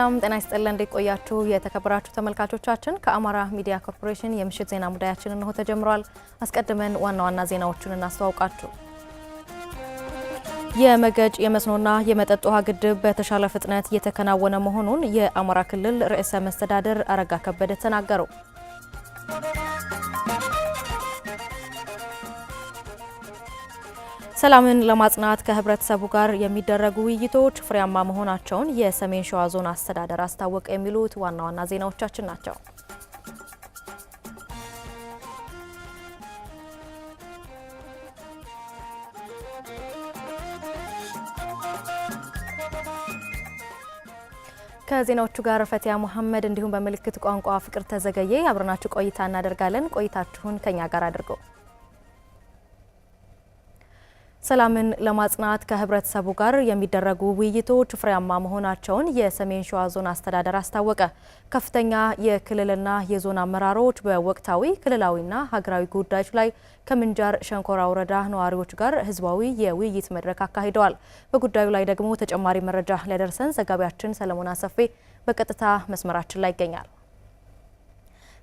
ሰላም ጤና ይስጥልን። እንዴት ቆያችሁ? የተከበራችሁ ተመልካቾቻችን ከአማራ ሚዲያ ኮርፖሬሽን የምሽት ዜና ሙዳያችን እንሆ ተጀምሯል። አስቀድመን ዋና ዋና ዜናዎቹን እናስተዋውቃችሁ። የመገጭ የመስኖና የመጠጥ ውሃ ግድብ በተሻለ ፍጥነት እየተከናወነ መሆኑን የአማራ ክልል ርዕሰ መስተዳደር አረጋ ከበደ ተናገረው ሰላምን ለማጽናት ከህብረተሰቡ ጋር የሚደረጉ ውይይቶች ፍሬያማ መሆናቸውን የሰሜን ሸዋ ዞን አስተዳደር አስታወቀ። የሚሉት ዋና ዋና ዜናዎቻችን ናቸው። ከዜናዎቹ ጋር ፈቲያ ሙሐመድ እንዲሁም በምልክት ቋንቋ ፍቅር ተዘገየ አብረናችሁ ቆይታ እናደርጋለን። ቆይታችሁን ከኛ ጋር አድርገው ሰላምን ለማጽናት ከህብረተሰቡ ጋር የሚደረጉ ውይይቶች ፍሬያማ መሆናቸውን የሰሜን ሸዋ ዞን አስተዳደር አስታወቀ። ከፍተኛ የክልልና የዞን አመራሮች በወቅታዊ ክልላዊና ሀገራዊ ጉዳዮች ላይ ከምንጃር ሸንኮራ ወረዳ ነዋሪዎች ጋር ህዝባዊ የውይይት መድረክ አካሂደዋል። በጉዳዩ ላይ ደግሞ ተጨማሪ መረጃ ሊያደርሰን ዘጋቢያችን ሰለሞን አሰፌ በቀጥታ መስመራችን ላይ ይገኛል።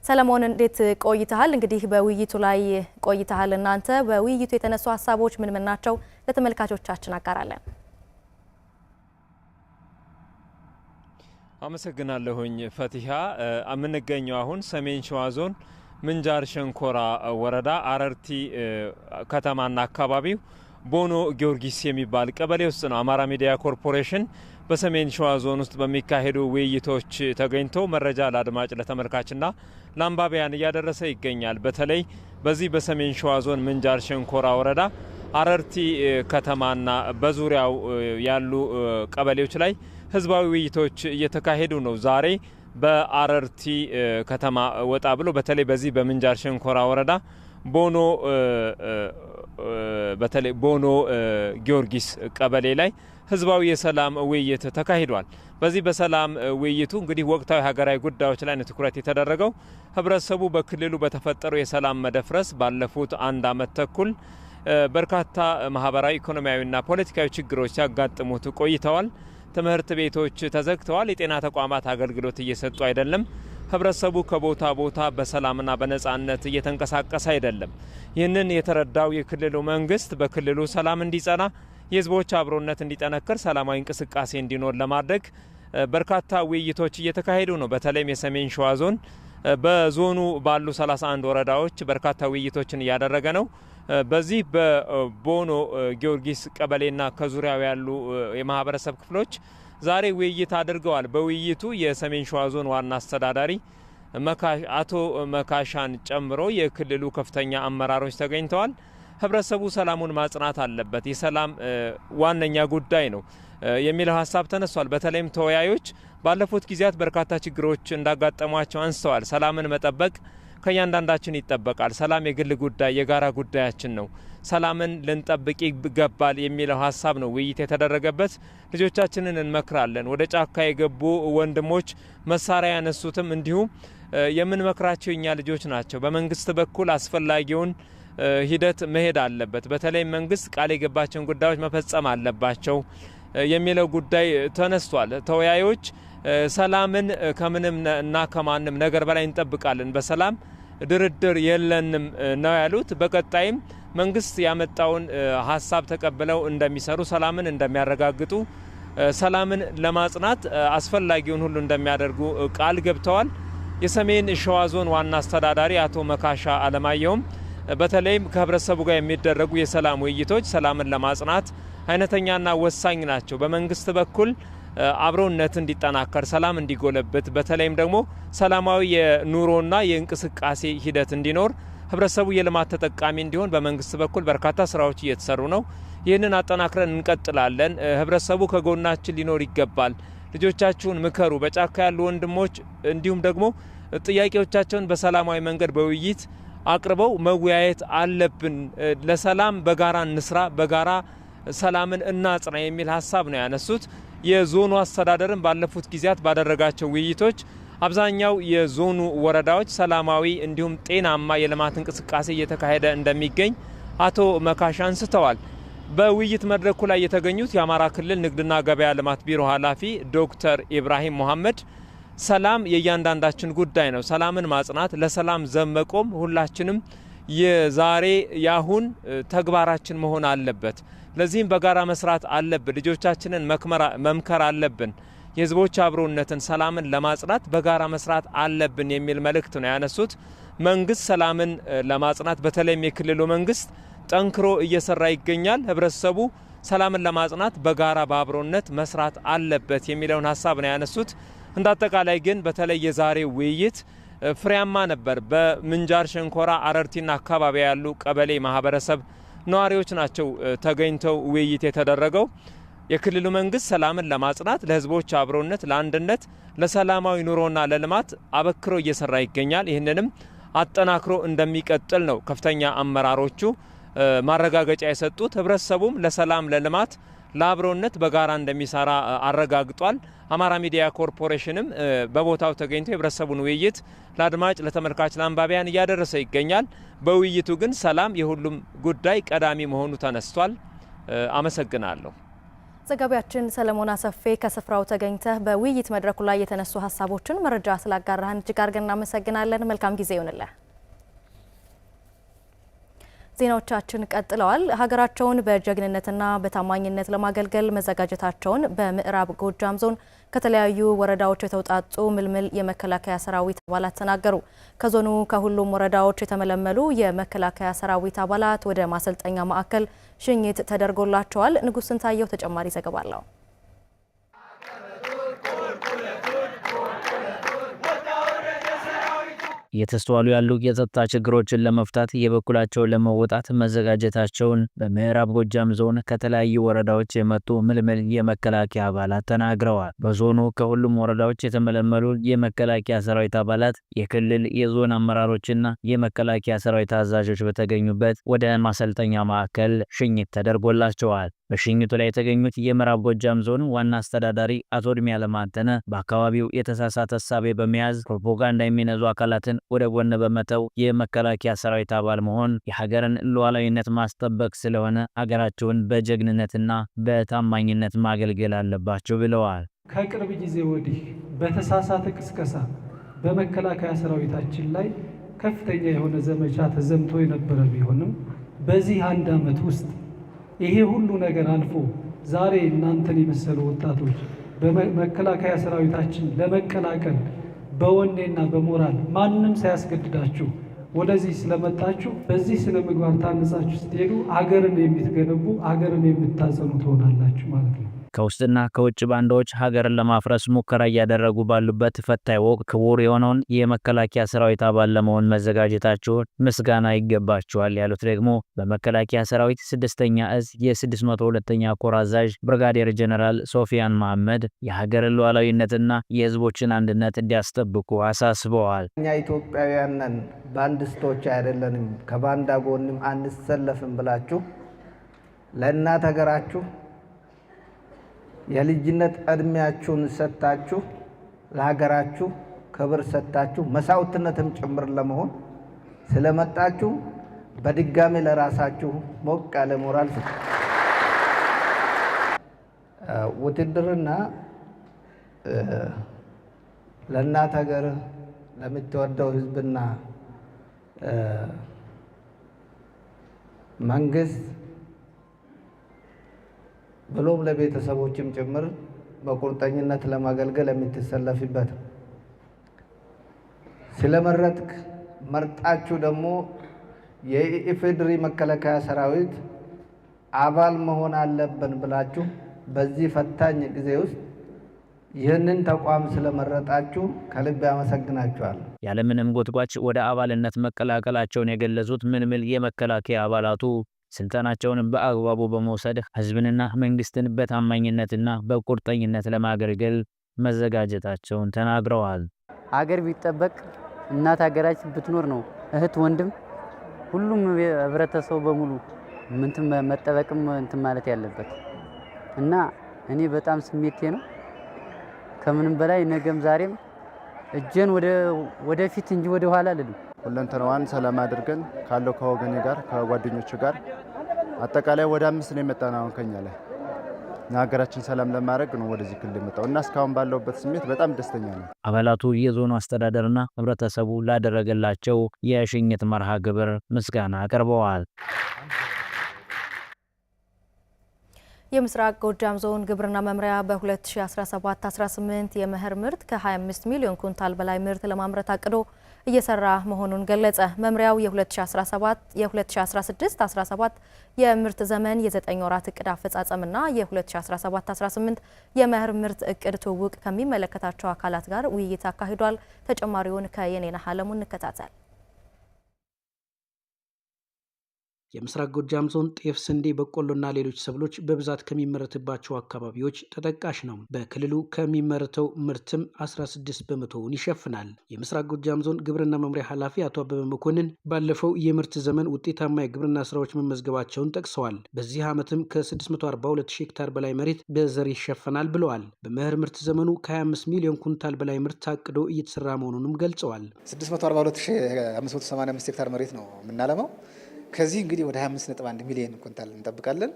ሰለሞን እንዴት ቆይተሃል? እንግዲህ በውይይቱ ላይ ቆይተሃል እናንተ በውይይቱ የተነሱ ሀሳቦች ምን ምን ናቸው? ለተመልካቾቻችን አጋራለን። አመሰግናለሁኝ ፈቲሃ። የምንገኘው አሁን ሰሜን ሸዋ ዞን ምንጃር ሸንኮራ ወረዳ አረርቲ ከተማና አካባቢው ቦኖ ጊዮርጊስ የሚባል ቀበሌ ውስጥ ነው። አማራ ሚዲያ ኮርፖሬሽን በሰሜን ሸዋ ዞን ውስጥ በሚካሄዱ ውይይቶች ተገኝቶ መረጃ ለአድማጭ ለተመልካችና ለአንባቢያን እያደረሰ ይገኛል። በተለይ በዚህ በሰሜን ሸዋ ዞን ምንጃር ሸንኮራ ወረዳ አረርቲ ከተማና በዙሪያው ያሉ ቀበሌዎች ላይ ህዝባዊ ውይይቶች እየተካሄዱ ነው። ዛሬ በአረርቲ ከተማ ወጣ ብሎ በተለይ በዚህ በምንጃር ሸንኮራ ወረዳ ቦኖ በተለይ ቦኖ ጊዮርጊስ ቀበሌ ላይ ህዝባዊ የሰላም ውይይት ተካሂዷል። በዚህ በሰላም ውይይቱ እንግዲህ ወቅታዊ ሀገራዊ ጉዳዮች ላይ ነው ትኩረት የተደረገው። ህብረተሰቡ በክልሉ በተፈጠረው የሰላም መደፍረስ ባለፉት አንድ አመት ተኩል በርካታ ማህበራዊ፣ ኢኮኖሚያዊና ፖለቲካዊ ችግሮች ሲያጋጥሙት ቆይተዋል። ትምህርት ቤቶች ተዘግተዋል። የጤና ተቋማት አገልግሎት እየሰጡ አይደለም። ህብረተሰቡ ከቦታ ቦታ በሰላምና በነጻነት እየተንቀሳቀሰ አይደለም። ይህንን የተረዳው የክልሉ መንግስት በክልሉ ሰላም እንዲጸና የህዝቦች አብሮነት እንዲጠነክር፣ ሰላማዊ እንቅስቃሴ እንዲኖር ለማድረግ በርካታ ውይይቶች እየተካሄዱ ነው። በተለይም የሰሜን ሸዋ ዞን በዞኑ ባሉ 31 ወረዳዎች በርካታ ውይይቶችን እያደረገ ነው። በዚህ በቦኖ ጊዮርጊስ ቀበሌና ከዙሪያው ያሉ የማህበረሰብ ክፍሎች ዛሬ ውይይት አድርገዋል። በውይይቱ የሰሜን ሸዋ ዞን ዋና አስተዳዳሪ አቶ መካሻን ጨምሮ የክልሉ ከፍተኛ አመራሮች ተገኝተዋል። ህብረተሰቡ ሰላሙን ማጽናት አለበት። የሰላም ዋነኛ ጉዳይ ነው የሚለው ሀሳብ ተነሷል። በተለይም ተወያዮች ባለፉት ጊዜያት በርካታ ችግሮች እንዳጋጠሟቸው አንስተዋል። ሰላምን መጠበቅ ከእያንዳንዳችን ይጠበቃል። ሰላም የግል ጉዳይ፣ የጋራ ጉዳያችን ነው። ሰላምን ልንጠብቅ ይገባል የሚለው ሀሳብ ነው ውይይት የተደረገበት። ልጆቻችንን እንመክራለን። ወደ ጫካ የገቡ ወንድሞች መሳሪያ ያነሱትም እንዲሁም የምንመክራቸው እኛ ልጆች ናቸው። በመንግስት በኩል አስፈላጊውን ሂደት መሄድ አለበት። በተለይ መንግስት ቃል የገባቸውን ጉዳዮች መፈጸም አለባቸው የሚለው ጉዳይ ተነስቷል። ተወያዮች ሰላምን ከምንም እና ከማንም ነገር በላይ እንጠብቃለን፣ በሰላም ድርድር የለንም ነው ያሉት። በቀጣይም መንግስት ያመጣውን ሀሳብ ተቀብለው እንደሚሰሩ፣ ሰላምን እንደሚያረጋግጡ፣ ሰላምን ለማጽናት አስፈላጊውን ሁሉ እንደሚያደርጉ ቃል ገብተዋል። የሰሜን ሸዋ ዞን ዋና አስተዳዳሪ አቶ መካሻ አለማየሁም በተለይም ከህብረተሰቡ ጋር የሚደረጉ የሰላም ውይይቶች ሰላምን ለማጽናት አይነተኛና ወሳኝ ናቸው። በመንግስት በኩል አብሮነት እንዲጠናከር፣ ሰላም እንዲጎለብት፣ በተለይም ደግሞ ሰላማዊ የኑሮና የእንቅስቃሴ ሂደት እንዲኖር ህብረተሰቡ የልማት ተጠቃሚ እንዲሆን በመንግስት በኩል በርካታ ስራዎች እየተሰሩ ነው። ይህንን አጠናክረን እንቀጥላለን። ህብረተሰቡ ከጎናችን ሊኖር ይገባል። ልጆቻችሁን ምከሩ። በጫካ ያሉ ወንድሞች እንዲሁም ደግሞ ጥያቄዎቻቸውን በሰላማዊ መንገድ በውይይት አቅርበው መወያየት አለብን። ለሰላም በጋራ እንስራ፣ በጋራ ሰላምን እናጽና የሚል ሀሳብ ነው ያነሱት። የዞኑ አስተዳደርን ባለፉት ጊዜያት ባደረጋቸው ውይይቶች አብዛኛው የዞኑ ወረዳዎች ሰላማዊ እንዲሁም ጤናማ የልማት እንቅስቃሴ እየተካሄደ እንደሚገኝ አቶ መካሽ አንስተዋል። በውይይት መድረኩ ላይ የተገኙት የአማራ ክልል ንግድና ገበያ ልማት ቢሮ ኃላፊ ዶክተር ኢብራሂም መሐመድ ሰላም የእያንዳንዳችን ጉዳይ ነው። ሰላምን ማጽናት፣ ለሰላም ዘብ መቆም ሁላችንም የዛሬ ያሁን ተግባራችን መሆን አለበት። ለዚህም በጋራ መስራት አለብን። ልጆቻችንን መምከር አለብን። የህዝቦች አብሮነትን፣ ሰላምን ለማጽናት በጋራ መስራት አለብን የሚል መልእክት ነው ያነሱት። መንግስት ሰላምን ለማጽናት በተለይም የክልሉ መንግስት ጠንክሮ እየሰራ ይገኛል። ህብረተሰቡ ሰላምን ለማጽናት በጋራ በአብሮነት መስራት አለበት የሚለውን ሀሳብ ነው ያነሱት። እንደ አጠቃላይ ግን በተለይ የዛሬ ውይይት ፍሬያማ ነበር። በምንጃር ሸንኮራ አረርቲና አካባቢ ያሉ ቀበሌ ማህበረሰብ ነዋሪዎች ናቸው ተገኝተው ውይይት የተደረገው። የክልሉ መንግስት ሰላምን ለማጽናት ለህዝቦች አብሮነት፣ ለአንድነት፣ ለሰላማዊ ኑሮና ለልማት አበክሮ እየሰራ ይገኛል። ይህንንም አጠናክሮ እንደሚቀጥል ነው ከፍተኛ አመራሮቹ ማረጋገጫ የሰጡት። ህብረተሰቡም ለሰላም ለልማት ለአብሮነት በጋራ እንደሚሰራ አረጋግጧል። አማራ ሚዲያ ኮርፖሬሽንም በቦታው ተገኝቶ የህብረተሰቡን ውይይት ለአድማጭ ለተመልካች፣ ለአንባቢያን እያደረሰ ይገኛል። በውይይቱ ግን ሰላም የሁሉም ጉዳይ ቀዳሚ መሆኑ ተነስቷል። አመሰግናለሁ። ዘጋቢያችን ሰለሞን አሰፌ ከስፍራው ተገኝተህ በውይይት መድረኩ ላይ የተነሱ ሀሳቦችን መረጃ ስላጋራህን እጅግ አድርገን እናመሰግናለን። መልካም ጊዜ ይሆንልህ። ዜናዎቻችን ቀጥለዋል። ሀገራቸውን በጀግንነትና በታማኝነት ለማገልገል መዘጋጀታቸውን በምዕራብ ጎጃም ዞን ከተለያዩ ወረዳዎች የተውጣጡ ምልምል የመከላከያ ሰራዊት አባላት ተናገሩ። ከዞኑ ከሁሉም ወረዳዎች የተመለመሉ የመከላከያ ሰራዊት አባላት ወደ ማሰልጠኛ ማዕከል ሽኝት ተደርጎላቸዋል። ንጉሥ ስንታየው ተጨማሪ ዘገባ አለው። እየተስተዋሉ ያሉ የጸጥታ ችግሮችን ለመፍታት የበኩላቸውን ለመወጣት መዘጋጀታቸውን በምዕራብ ጎጃም ዞን ከተለያዩ ወረዳዎች የመጡ ምልምል የመከላከያ አባላት ተናግረዋል። በዞኑ ከሁሉም ወረዳዎች የተመለመሉ የመከላከያ ሰራዊት አባላት፣ የክልል የዞን አመራሮችና የመከላከያ ሰራዊት አዛዦች በተገኙበት ወደ ማሰልጠኛ ማዕከል ሽኝት ተደርጎላቸዋል። በሽኝቱ ላይ የተገኙት የምዕራብ ጎጃም ዞን ዋና አስተዳዳሪ አቶ እድሜ ያለማተነ በአካባቢው የተሳሳተ እሳቤ በመያዝ ፕሮፓጋንዳ የሚነዙ አካላትን ወደ ጎን በመተው የመከላከያ ሰራዊት አባል መሆን የሀገርን ሉዓላዊነት ማስጠበቅ ስለሆነ ሀገራቸውን በጀግንነትና በታማኝነት ማገልገል አለባቸው ብለዋል። ከቅርብ ጊዜ ወዲህ በተሳሳተ ቅስቀሳ በመከላከያ ሰራዊታችን ላይ ከፍተኛ የሆነ ዘመቻ ተዘምቶ የነበረ ቢሆንም በዚህ አንድ ዓመት ውስጥ ይሄ ሁሉ ነገር አልፎ ዛሬ እናንተን የመሰሉ ወጣቶች በመከላከያ ሰራዊታችን ለመቀላቀል በወኔና በሞራል ማንም ሳያስገድዳችሁ ወደዚህ ስለመጣችሁ በዚህ ስነ ምግባር ታነጻችሁ ስትሄዱ አገርን የምትገነቡ አገርን የምታጸኑ ትሆናላችሁ ማለት ነው። ከውስጥና ከውጭ ባንዳዎች ሀገርን ለማፍረስ ሙከራ እያደረጉ ባሉበት ፈታኝ ወቅት ክቡር የሆነውን የመከላከያ ሰራዊት አባል ለመሆን መዘጋጀታቸው ምስጋና ይገባቸዋል ያሉት ደግሞ በመከላከያ ሰራዊት ስድስተኛ እዝ የ602ኛ ኮር አዛዥ ብርጋዴር ጀነራል ሶፊያን መሐመድ የሀገርን ሉዓላዊነትና የህዝቦችን አንድነት እንዲያስጠብቁ አሳስበዋል። እኛ ኢትዮጵያውያን ነን፣ ባንዲስቶች አይደለንም፣ ከባንዳ ጎንም አንሰለፍም ብላችሁ ለእናት ሀገራችሁ የልጅነት እድሜያችሁን ሰጥታችሁ ለሀገራችሁ ክብር ሰጥታችሁ መሳውትነትም ጭምር ለመሆን ስለመጣችሁ በድጋሚ ለራሳችሁ ሞቅ ያለ ሞራል ስ ውትድርና ለእናት ሀገር ለምትወደው ህዝብና መንግስት ብሎም ለቤተሰቦችም ጭምር በቁርጠኝነት ለማገልገል የምትሰለፊበት ስለመረጥክ መርጣችሁ ደግሞ የኢፌድሪ መከላከያ ሰራዊት አባል መሆን አለብን ብላችሁ በዚህ ፈታኝ ጊዜ ውስጥ ይህንን ተቋም ስለመረጣችሁ ከልብ ያመሰግናችኋል። ያለምንም ጎትጓች ወደ አባልነት መቀላቀላቸውን የገለጹት ምንምል የመከላከያ አባላቱ ስልጠናቸውን በአግባቡ በመውሰድ ህዝብንና መንግስትን በታማኝነትና በቁርጠኝነት ለማገልገል መዘጋጀታቸውን ተናግረዋል። አገር ቢጠበቅ እናት ሀገራችን ብትኖር ነው። እህት ወንድም፣ ሁሉም ህብረተሰቡ በሙሉ ምንትን መጠበቅም እንትን ማለት ያለበት እና እኔ በጣም ስሜቴ ነው ከምንም በላይ ነገም ዛሬም እጄን ወደፊት እንጂ ወደ ኋላ አልልም። ሁለንተናዋን ሰላም አድርገን ካለው ከወገኔ ጋር ከጓደኞቹ ጋር አጠቃላይ ወደ አምስት ነው የመጣን። አሁን ከኛ ላይ ሀገራችን ሰላም ለማድረግ ነው ወደዚህ ክልል የመጣው እና እስካሁን ባለውበት ስሜት በጣም ደስተኛ ነው። አባላቱ የዞኑ አስተዳደርና ህብረተሰቡ ላደረገላቸው የሽኝት መርሃ ግብር ምስጋና አቅርበዋል። የምስራቅ ጎጃም ዞን ግብርና መምሪያ በ2017-18 የመኸር ምርት ከ25 ሚሊዮን ኩንታል በላይ ምርት ለማምረት አቅዶ እየሰራ መሆኑን ገለጸ። መምሪያው የ2017 የ2016/17 የምርት ዘመን የ9 ወራት እቅድ አፈጻጸምና የ2017/18 የመኸር ምርት እቅድ ትውውቅ ከሚመለከታቸው አካላት ጋር ውይይት አካሂዷል። ተጨማሪውን ከየኔና አለሙ እንከታተል። የምስራቅ ጎጃም ዞን ጤፍ፣ ስንዴ፣ በቆሎና ሌሎች ሰብሎች በብዛት ከሚመረትባቸው አካባቢዎች ተጠቃሽ ነው። በክልሉ ከሚመረተው ምርትም 16 በመቶውን ይሸፍናል። የምስራቅ ጎጃም ዞን ግብርና መምሪያ ኃላፊ አቶ አበበ መኮንን ባለፈው የምርት ዘመን ውጤታማ የግብርና ስራዎች መመዝገባቸውን ጠቅሰዋል። በዚህ ዓመትም ከ642 ሄክታር በላይ መሬት በዘር ይሸፈናል ብለዋል። በመኸር ምርት ዘመኑ ከ25 ሚሊዮን ኩንታል በላይ ምርት ታቅዶ እየተሰራ መሆኑንም ገልጸዋል። 642,585 ሄክታር መሬት ነው የምናለመው ከዚህ እንግዲህ ወደ 25.1 ሚሊዮን ኩንታል እንጠብቃለን።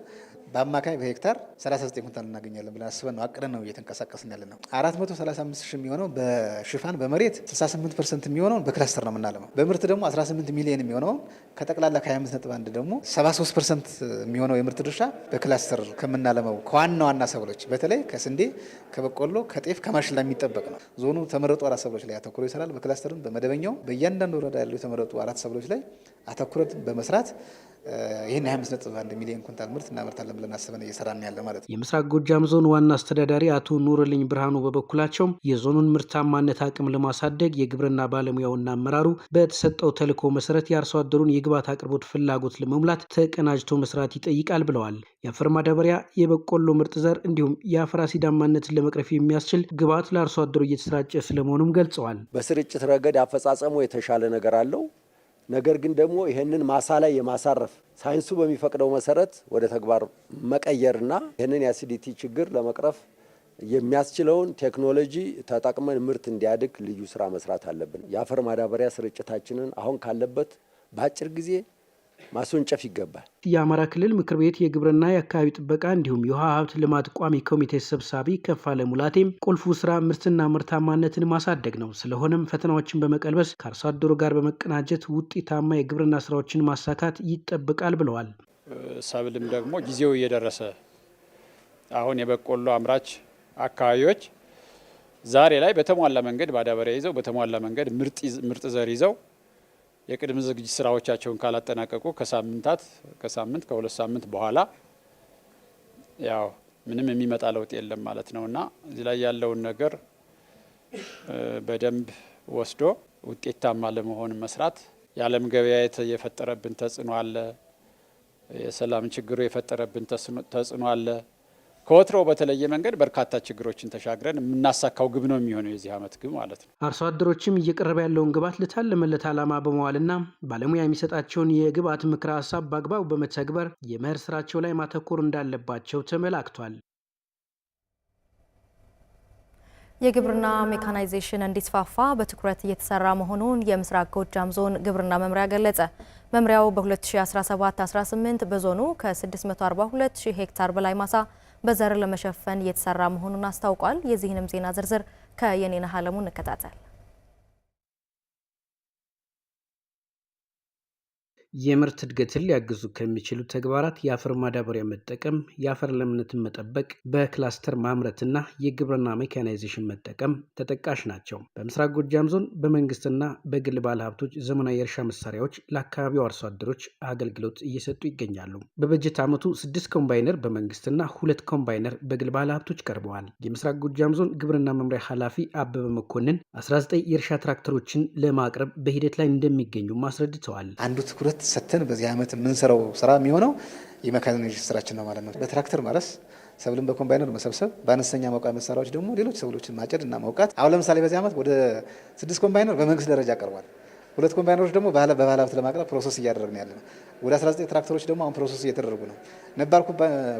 በአማካይ በሄክታር 39 ኩንታል እናገኛለን ብለን አስበን ነው አቅደን ነው እየተንቀሳቀስን ያለ ነው። 435 ሺህ የሚሆነው በሽፋን በመሬት 68 ፐርሰንት የሚሆነውን በክላስተር ነው የምናለመው። በምርት ደግሞ 18 ሚሊዮን የሚሆነውን ከጠቅላላ ከ25 ነጥብ 1 ደግሞ 73 ፐርሰንት የሚሆነው የምርት ድርሻ በክላስተር ከምናለመው ከዋና ዋና ሰብሎች በተለይ ከስንዴ፣ ከበቆሎ፣ ከጤፍ፣ ከማሽላ የሚጠበቅ ነው። ዞኑ ተመረጡ አራት ሰብሎች ላይ አተኩሮ ይሰራል። በክላስተርም በመደበኛው በእያንዳንዱ ወረዳ ያሉ የተመረጡ አራት ሰብሎች ላይ አተኩረት በመስራት ይህን 25 ነጥብ 1 ሚሊዮን ኩንታል ምርት እናመርታለን። ብለን አስበን እየሰራን ያለ ማለት ነው። የምስራቅ ጎጃም ዞን ዋና አስተዳዳሪ አቶ ኑርልኝ ብርሃኑ በበኩላቸው የዞኑን ምርታማነት አቅም ለማሳደግ የግብርና ባለሙያውና አመራሩ በተሰጠው ተልዕኮ መሰረት የአርሶ አደሩን የግብዓት አቅርቦት ፍላጎት ለመሙላት ተቀናጅቶ መስራት ይጠይቃል ብለዋል። የአፈር ማዳበሪያ፣ የበቆሎ ምርጥ ዘር እንዲሁም የአፈር አሲዳማነትን ለመቅረፍ የሚያስችል ግብዓት ለአርሶ አደሩ እየተሰራጨ ስለመሆኑም ገልጸዋል። በስርጭት ረገድ አፈጻጸሙ የተሻለ ነገር አለው። ነገር ግን ደግሞ ይህንን ማሳ ላይ የማሳረፍ ሳይንሱ በሚፈቅደው መሰረት ወደ ተግባር መቀየርና ይህንን የአሲዲቲ ችግር ለመቅረፍ የሚያስችለውን ቴክኖሎጂ ተጠቅመን ምርት እንዲያድግ ልዩ ስራ መስራት አለብን። የአፈር ማዳበሪያ ስርጭታችንን አሁን ካለበት በአጭር ጊዜ ማስወንጨፍ ይገባል። የአማራ ክልል ምክር ቤት የግብርና የአካባቢ ጥበቃ እንዲሁም የውሃ ሀብት ልማት ቋሚ ኮሚቴ ሰብሳቢ ከፋለ ሙላቴም ቁልፉ ስራ ምርትና ምርታማነትን ማሳደግ ነው። ስለሆነም ፈተናዎችን በመቀልበስ ከአርሶ አደሩ ጋር በመቀናጀት ውጤታማ የግብርና ስራዎችን ማሳካት ይጠበቃል ብለዋል። ሰብልም ደግሞ ጊዜው እየደረሰ አሁን የበቆሎ አምራች አካባቢዎች ዛሬ ላይ በተሟላ መንገድ ማዳበሪያ ይዘው በተሟላ መንገድ ምርጥ ዘር ይዘው የቅድመ ዝግጅት ስራዎቻቸውን ካላጠናቀቁ ከሳምንታት ከሳምንት ከሁለት ሳምንት በኋላ ያው ምንም የሚመጣ ለውጥ የለም ማለት ነው እና እዚህ ላይ ያለውን ነገር በደንብ ወስዶ ውጤታማ ለመሆን መስራት የዓለም ገበያ የፈጠረብን ተጽዕኖ አለ። የሰላም ችግሩ የፈጠረብን ተጽዕኖ አለ። ከወትሮ በተለየ መንገድ በርካታ ችግሮችን ተሻግረን የምናሳካው ግብ ነው የሚሆነው የዚህ ዓመት ግብ ማለት ነው። አርሶ አደሮችም እየቀረበ ያለውን ግብዓት ለታለመለት ዓላማ በመዋልና ባለሙያ የሚሰጣቸውን የግብዓት ምክረ ሀሳብ በአግባቡ በመተግበር የመኸር ስራቸው ላይ ማተኮር እንዳለባቸው ተመላክቷል። የግብርና ሜካናይዜሽን እንዲስፋፋ በትኩረት እየተሰራ መሆኑን የምስራቅ ጎጃም ዞን ግብርና መምሪያ ገለጸ። መምሪያው በ2017-18 በዞኑ ከ642000 ሄክታር በላይ ማሳ በዘር ለመሸፈን እየተሰራ መሆኑን አስታውቋል። የዚህንም ዜና ዝርዝር ከየኔነህ አለሙ እንከታተል። የምርት እድገትን ሊያግዙ ከሚችሉ ተግባራት የአፈር ማዳበሪያ መጠቀም፣ የአፈር ለምነትን መጠበቅ፣ በክላስተር ማምረትና የግብርና ሜካናይዜሽን መጠቀም ተጠቃሽ ናቸው። በምስራቅ ጎጃም ዞን በመንግስትና በግል ባለሀብቶች ዘመናዊ የእርሻ መሳሪያዎች ለአካባቢው አርሶ አደሮች አገልግሎት እየሰጡ ይገኛሉ። በበጀት ዓመቱ ስድስት ኮምባይነር በመንግስትና ሁለት ኮምባይነር በግል ባለሀብቶች ቀርበዋል። የምስራቅ ጎጃም ዞን ግብርና መምሪያ ኃላፊ አበበ መኮንን 19 የእርሻ ትራክተሮችን ለማቅረብ በሂደት ላይ እንደሚገኙም አስረድተዋል። አንዱ ትኩረት ሰተን በዚህ ዓመት የምንሰራው ስራ የሚሆነው የሜካናይዜሽን ስራችን ነው ማለት ነው። በትራክተር ማረስ፣ ሰብልን በኮምባይነር መሰብሰብ፣ በአነስተኛ መውቃ መሳሪያዎች ደግሞ ሌሎች ሰብሎችን ማጨድ እና መውቃት። አሁን ለምሳሌ በዚህ ዓመት ወደ ስድስት ኮምባይነር በመንግስት ደረጃ ቀርቧል። ሁለት ኮምባይነሮች ደግሞ በባህል ለማቅረብ ፕሮሰስ እያደረግን ያለ ነው። ወደ 19 ትራክተሮች ደግሞ አሁን ፕሮሰስ እየተደረጉ ነው። ነባር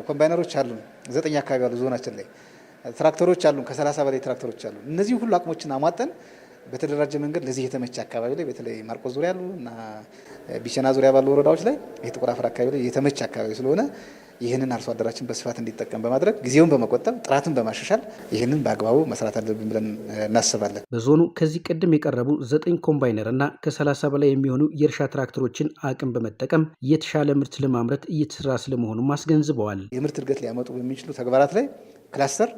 ኮምባይነሮች አሉ፣ ዘጠኝ አካባቢ አሉ ዞናችን ላይ ትራክተሮች አሉ ከ30 በላይ ትራክተሮች አሉ። እነዚህ ሁሉ አቅሞችን አሟጠን በተደራጀ መንገድ ለዚህ የተመቸ አካባቢ ላይ በተለይ ማርቆስ ዙሪያ ያሉ እና ቢሸና ዙሪያ ባሉ ወረዳዎች ላይ የጥቁር አፈር አካባቢ ላይ የተመቸ አካባቢ ስለሆነ ይህንን አርሶ አደራችን በስፋት እንዲጠቀም በማድረግ ጊዜውን በመቆጠብ ጥራትን በማሻሻል ይህንን በአግባቡ መስራት አለብን ብለን እናስባለን። በዞኑ ከዚህ ቀደም የቀረቡ ዘጠኝ ኮምባይነር እና ከሰላሳ በላይ የሚሆኑ የእርሻ ትራክተሮችን አቅም በመጠቀም የተሻለ ምርት ለማምረት እየተሰራ ስለመሆኑም አስገንዝበዋል። የምርት እድገት ሊያመጡ በሚችሉ ተግባራት ላይ ክላስተር፣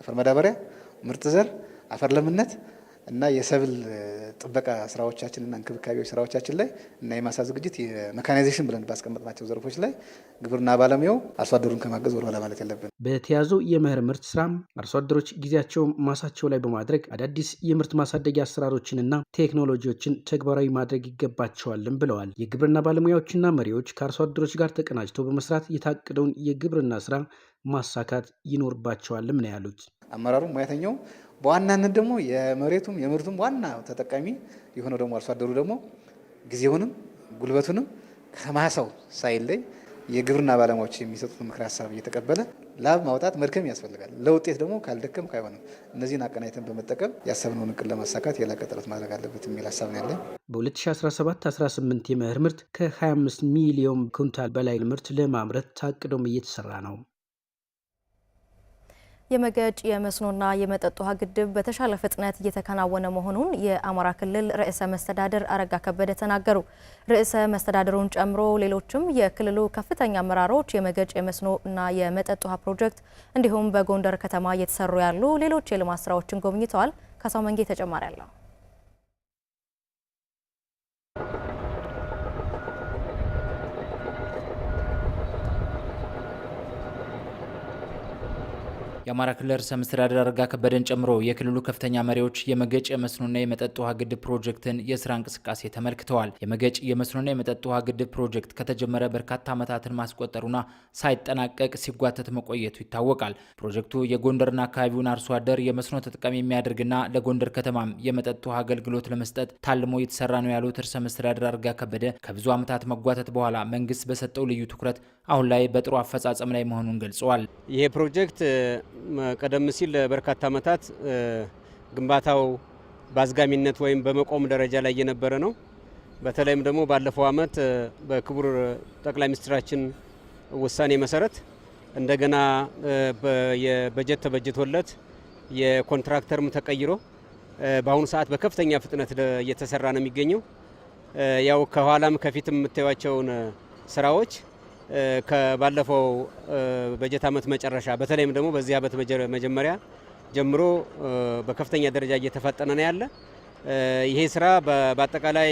አፈር ማዳበሪያ፣ ምርጥ ዘር፣ አፈር ለምነት እና የሰብል ጥበቃ እና እንክብካቤ ስራዎቻችን ላይ እና የማሳ ዝግጅት የሜካናይዜሽን ብለን ባስቀመጥናቸው ዘርፎች ላይ ግብርና ባለሙያው አርሶ አደሩን ከማገዝ ወደኋላ ማለት የለብን። በተያዘው የመኸር ምርት ስራም አርሶ አደሮች ጊዜያቸውን ማሳቸው ላይ በማድረግ አዳዲስ የምርት ማሳደጊያ አሰራሮችንና ቴክኖሎጂዎችን ተግባራዊ ማድረግ ይገባቸዋልም ብለዋል። የግብርና ባለሙያዎችና መሪዎች ከአርሶ አደሮች ጋር ተቀናጅተው በመስራት የታቀደውን የግብርና ስራ ማሳካት ይኖርባቸዋልም ነው ያሉት። አመራሩ ሙያተኛው በዋናነት ደግሞ የመሬቱም የምርቱም ዋና ተጠቃሚ የሆነው ደግሞ አርሶ አደሩ ደግሞ ጊዜውንም ጉልበቱንም ከማሳው ሳይለይ የግብርና ባለሙያዎች የሚሰጡት ምክር ሀሳብ እየተቀበለ ላብ ማውጣት መድከም ያስፈልጋል። ለውጤት ደግሞ ካልደከም አይሆንም። እነዚህን አቀናይተን በመጠቀም ያሰብነውን እቅድ ለማሳካት የላቀ ጥረት ማድረግ አለበት የሚል ሀሳብ ነው ያለን። በ2017/18 የመኸር ምርት ከ25 ሚሊዮን ኩንታል በላይ ምርት ለማምረት ታቅዶም እየተሰራ ነው። የመገጭ የመስኖና የመጠጥ ውሃ ግድብ በተሻለ ፍጥነት እየተከናወነ መሆኑን የአማራ ክልል ርዕሰ መስተዳደር አረጋ ከበደ ተናገሩ። ርዕሰ መስተዳደሩን ጨምሮ ሌሎችም የክልሉ ከፍተኛ አመራሮች የመገጭ የመስኖና የመጠጥ ውሃ ፕሮጀክት እንዲሁም በጎንደር ከተማ እየተሰሩ ያሉ ሌሎች የልማት ስራዎችን ጎብኝተዋል። ካሳው መንጌ ተጨማሪ አለው። የአማራ ክልል ርዕሰ መስተዳድር አረጋ ከበደን ጨምሮ የክልሉ ከፍተኛ መሪዎች የመገጭ የመስኖና የመጠጥ ውሃ ግድብ ፕሮጀክትን የስራ እንቅስቃሴ ተመልክተዋል። የመገጭ የመስኖና የመጠጥ ውሃ ግድብ ፕሮጀክት ከተጀመረ በርካታ ዓመታትን ማስቆጠሩና ሳይጠናቀቅ ሲጓተት መቆየቱ ይታወቃል። ፕሮጀክቱ የጎንደርና አካባቢውን አርሶ አደር የመስኖ ተጠቃሚ የሚያደርግና ለጎንደር ከተማም የመጠጥ ውሃ አገልግሎት ለመስጠት ታልሞ የተሰራ ነው ያሉት ርዕሰ መስተዳድር አረጋ ከበደ ከብዙ ዓመታት መጓተት በኋላ መንግስት በሰጠው ልዩ ትኩረት አሁን ላይ በጥሩ አፈጻጸም ላይ መሆኑን ገልጸዋል። ይሄ ፕሮጀክት ቀደም ሲል ለበርካታ ዓመታት ግንባታው በአዝጋሚነት ወይም በመቆም ደረጃ ላይ የነበረ ነው። በተለይም ደግሞ ባለፈው ዓመት በክቡር ጠቅላይ ሚኒስትራችን ውሳኔ መሰረት እንደገና የበጀት ተበጅቶለት የኮንትራክተርም ተቀይሮ በአሁኑ ሰዓት በከፍተኛ ፍጥነት እየተሰራ ነው የሚገኘው። ያው ከኋላም ከፊትም የምታዩቸውን ስራዎች ከባለፈው በጀት ዓመት መጨረሻ በተለይም ደግሞ በዚህ ዓመት መጀመሪያ ጀምሮ በከፍተኛ ደረጃ እየተፋጠነ ነው ያለ። ይሄ ስራ በአጠቃላይ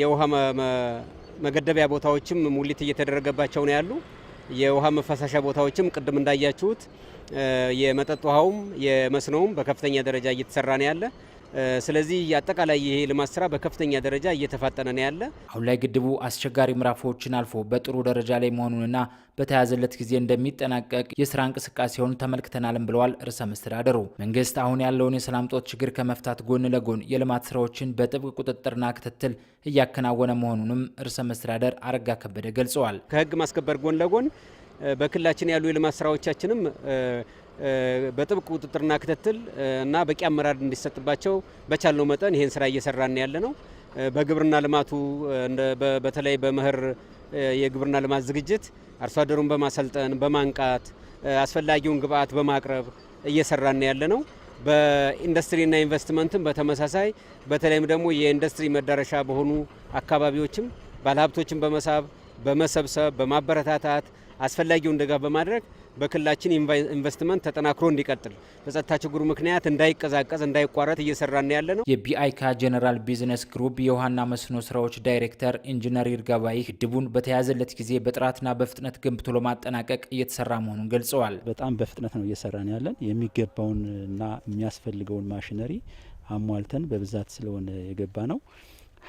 የውሃ መገደቢያ ቦታዎችም ሙሊት እየተደረገባቸው ነው ያሉ። የውሃ መፈሳሻ ቦታዎችም ቅድም እንዳያችሁት የመጠጥ ውሃውም የመስኖውም በከፍተኛ ደረጃ እየተሰራ ነው ያለ። ስለዚህ አጠቃላይ ይሄ ልማት ስራ በከፍተኛ ደረጃ እየተፋጠነ ነው ያለ። አሁን ላይ ግድቡ አስቸጋሪ ምዕራፎችን አልፎ በጥሩ ደረጃ ላይ መሆኑንና በተያዘለት ጊዜ እንደሚጠናቀቅ የስራ እንቅስቃሴውን ተመልክተናልም ብለዋል ርዕሰ መስተዳደሩ። መንግስት አሁን ያለውን የሰላም እጦት ችግር ከመፍታት ጎን ለጎን የልማት ስራዎችን በጥብቅ ቁጥጥርና ክትትል እያከናወነ መሆኑንም ርዕሰ መስተዳደር አረጋ ከበደ ገልጸዋል። ከህግ ማስከበር ጎን ለጎን በክልላችን ያሉ የልማት ስራዎቻችንም በጥብቅ ቁጥጥርና ክትትል እና በቂ አመራር እንዲሰጥባቸው በቻለው መጠን ይህን ስራ እየሰራን ያለ ነው። በግብርና ልማቱ በተለይ በመኸር የግብርና ልማት ዝግጅት አርሶ አደሩን በማሰልጠን በማንቃት አስፈላጊውን ግብአት በማቅረብ እየሰራን ያለ ነው። በኢንዱስትሪና ኢንቨስትመንትም በተመሳሳይ በተለይም ደግሞ የኢንዱስትሪ መዳረሻ በሆኑ አካባቢዎችም ባለሀብቶችን በመሳብ በመሰብሰብ በማበረታታት አስፈላጊውን ድጋፍ በማድረግ በክልላችን ኢንቨስትመንት ተጠናክሮ እንዲቀጥል በጸጥታ ችግሩ ምክንያት እንዳይቀዛቀዝ እንዳይቋረጥ እየሰራን ያለ ነው። የቢአይካ ጀነራል ቢዝነስ ግሩፕ የውሃና መስኖ ስራዎች ዳይሬክተር ኢንጂነር ይርጋባይ ግድቡን በተያዘለት ጊዜ በጥራትና በፍጥነት ገንብቶ ለማጠናቀቅ እየተሰራ መሆኑን ገልጸዋል። በጣም በፍጥነት ነው እየሰራን ያለን የሚገባውንና የሚያስፈልገውን ማሽነሪ አሟልተን በብዛት ስለሆነ የገባ ነው።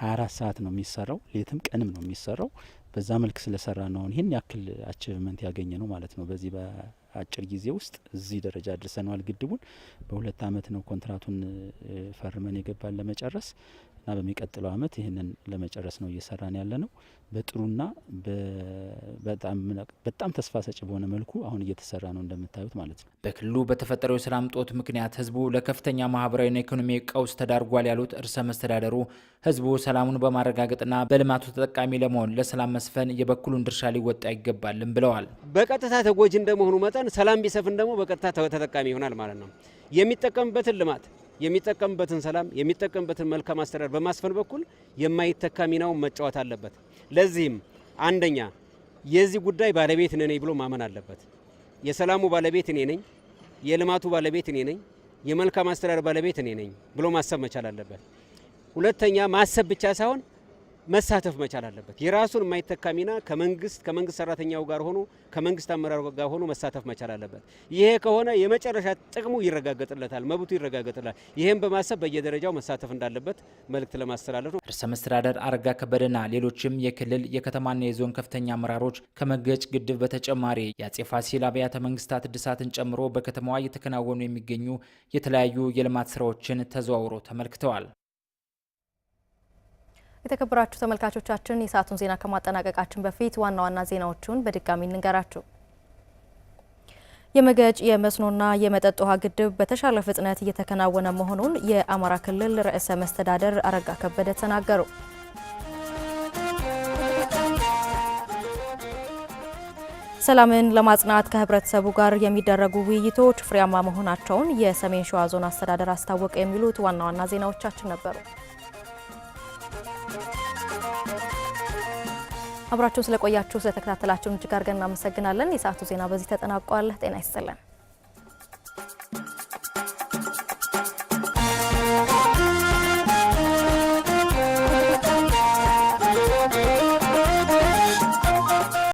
24 ሰዓት ነው የሚሰራው፣ ሌትም ቀንም ነው የሚሰራው። በዛ መልክ ስለሰራ ነው ይህን ያክል አቺቭመንት ያገኘ ነው ማለት ነው። በዚህ በአጭር ጊዜ ውስጥ እዚህ ደረጃ አድርሰነዋል። ግድቡን በሁለት አመት ነው ኮንትራቱን ፈርመን የገባን ለመጨረስ እና በሚቀጥለው አመት ይህንን ለመጨረስ ነው እየሰራን ያለ ነው። በጥሩና በጣም ተስፋ ሰጭ በሆነ መልኩ አሁን እየተሰራ ነው እንደምታዩት ማለት ነው። በክልሉ በተፈጠረው የሰላም እጦት ምክንያት ህዝቡ ለከፍተኛ ማህበራዊና ኢኮኖሚ ቀውስ ተዳርጓል ያሉት እርሰ መስተዳደሩ ህዝቡ ሰላሙን በማረጋገጥና በልማቱ ተጠቃሚ ለመሆን ለሰላም መስፈን የበኩሉን ድርሻ ሊወጣ ይገባልም ብለዋል። በቀጥታ ተጎጂ እንደመሆኑ መጠን ሰላም ቢሰፍን ደግሞ በቀጥታ ተጠቃሚ ይሆናል ማለት ነው። የሚጠቀምበትን ልማት የሚጠቀምበትን ሰላም የሚጠቀምበትን መልካም አስተዳደር በማስፈን በኩል የማይተካ ሚናውን መጫወት አለበት። ለዚህም አንደኛ የዚህ ጉዳይ ባለቤት እኔ ነኝ ብሎ ማመን አለበት። የሰላሙ ባለቤት እኔ ነኝ፣ የልማቱ ባለቤት እኔ ነኝ፣ የመልካም አስተዳደር ባለቤት እኔ ነኝ ብሎ ማሰብ መቻል አለበት። ሁለተኛ ማሰብ ብቻ ሳይሆን መሳተፍ መቻል አለበት። የራሱን የማይተካ ሚና ከመንግስት ከመንግስት ሰራተኛው ጋር ሆኖ ከመንግስት አመራር ጋር ሆኖ መሳተፍ መቻል አለበት። ይሄ ከሆነ የመጨረሻ ጥቅሙ ይረጋገጥለታል፣ መብቱ ይረጋገጥላል። ይህም በማሰብ በየደረጃው መሳተፍ እንዳለበት መልእክት ለማስተላለፍ ነው። ርዕሰ መስተዳደር አረጋ ከበደና ሌሎችም የክልል የከተማና የዞን ከፍተኛ አመራሮች ከመገጭ ግድብ በተጨማሪ የአጼ ፋሲል አብያተ መንግስታት እድሳትን ጨምሮ በከተማዋ እየተከናወኑ የሚገኙ የተለያዩ የልማት ስራዎችን ተዘዋውሮ ተመልክተዋል። የተከበራችሁ ተመልካቾቻችን የሰዓቱን ዜና ከማጠናቀቃችን በፊት ዋና ዋና ዜናዎቹን በድጋሚ እንንገራችሁ። የመገጭ የመስኖና የመጠጥ ውሃ ግድብ በተሻለ ፍጥነት እየተከናወነ መሆኑን የአማራ ክልል ርዕሰ መስተዳደር አረጋ ከበደ ተናገሩ። ሰላምን ለማጽናት ከህብረተሰቡ ጋር የሚደረጉ ውይይቶች ፍሬያማ መሆናቸውን የሰሜን ሸዋ ዞን አስተዳደር አስታወቀ። የሚሉት ዋና ዋና ዜናዎቻችን ነበሩ። አብራችሁን ስለቆያችሁ ስለተከታተላችሁን እጅግ አድርገን እናመሰግናለን። የሰዓቱ ዜና በዚህ ተጠናቋል። ጤና ይስጥልን።